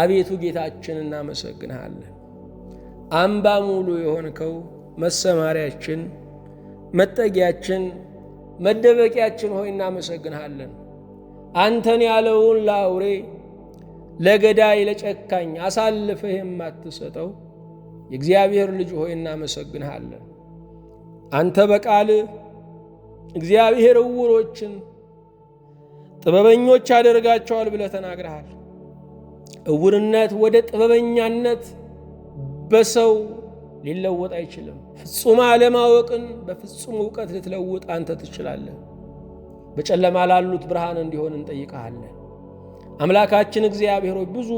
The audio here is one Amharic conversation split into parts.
አቤቱ ጌታችን እናመሰግንሃለን። አምባ ሙሉ የሆንከው መሰማሪያችን፣ መጠጊያችን፣ መደበቂያችን ሆይ እናመሰግንሃለን። አንተን ያለውን ለአውሬ ለገዳይ ለጨካኝ አሳልፈህ የማትሰጠው የእግዚአብሔር ልጅ ሆይ እናመሰግንሃለን። አንተ በቃል እግዚአብሔር እውሮችን ጥበበኞች ያደርጋቸዋል ብለህ ተናግረሃል። እውርነት ወደ ጥበበኛነት በሰው ሊለወጥ አይችልም። ፍጹም አለማወቅን በፍጹም እውቀት ልትለውጥ አንተ ትችላለህ። በጨለማ ላሉት ብርሃን እንዲሆን እንጠይቀሃለን። አምላካችን እግዚአብሔር ብዙ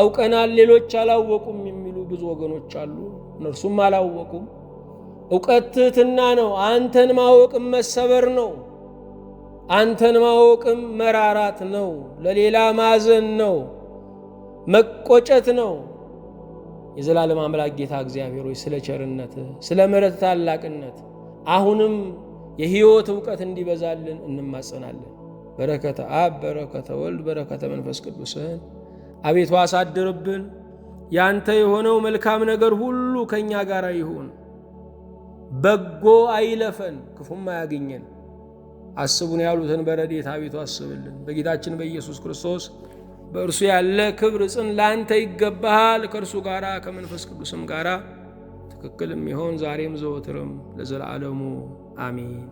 አውቀናል፣ ሌሎች አላወቁም የሚሉ ብዙ ወገኖች አሉ። እነርሱም አላወቁም። እውቀት ትሕትና ነው። አንተን ማወቅም መሰበር ነው። አንተን ማወቅም መራራት ነው። ለሌላ ማዘን ነው። መቆጨት ነው። የዘላለም አምላክ ጌታ እግዚአብሔር ሆይ ስለ ቸርነት፣ ስለ ምሕረት ታላቅነት አሁንም የሕይወት እውቀት እንዲበዛልን እንማጸናለን። በረከተ አብ፣ በረከተ ወልድ፣ በረከተ መንፈስ ቅዱስህን አቤቱ አሳድርብን። ያንተ የሆነው መልካም ነገር ሁሉ ከእኛ ጋር ይሁን። በጎ አይለፈን፣ ክፉም አያገኘን። አስቡን ያሉትን በረድኤት አቤቱ አስብልን። በጌታችን በኢየሱስ ክርስቶስ በእርሱ ያለ ክብር ጽን ላንተ ይገባሃል። ከእርሱ ጋር ከመንፈስ ቅዱስም ጋር ትክክል የሚሆን ዛሬም ዘወትርም ለዘላለሙ አሚን።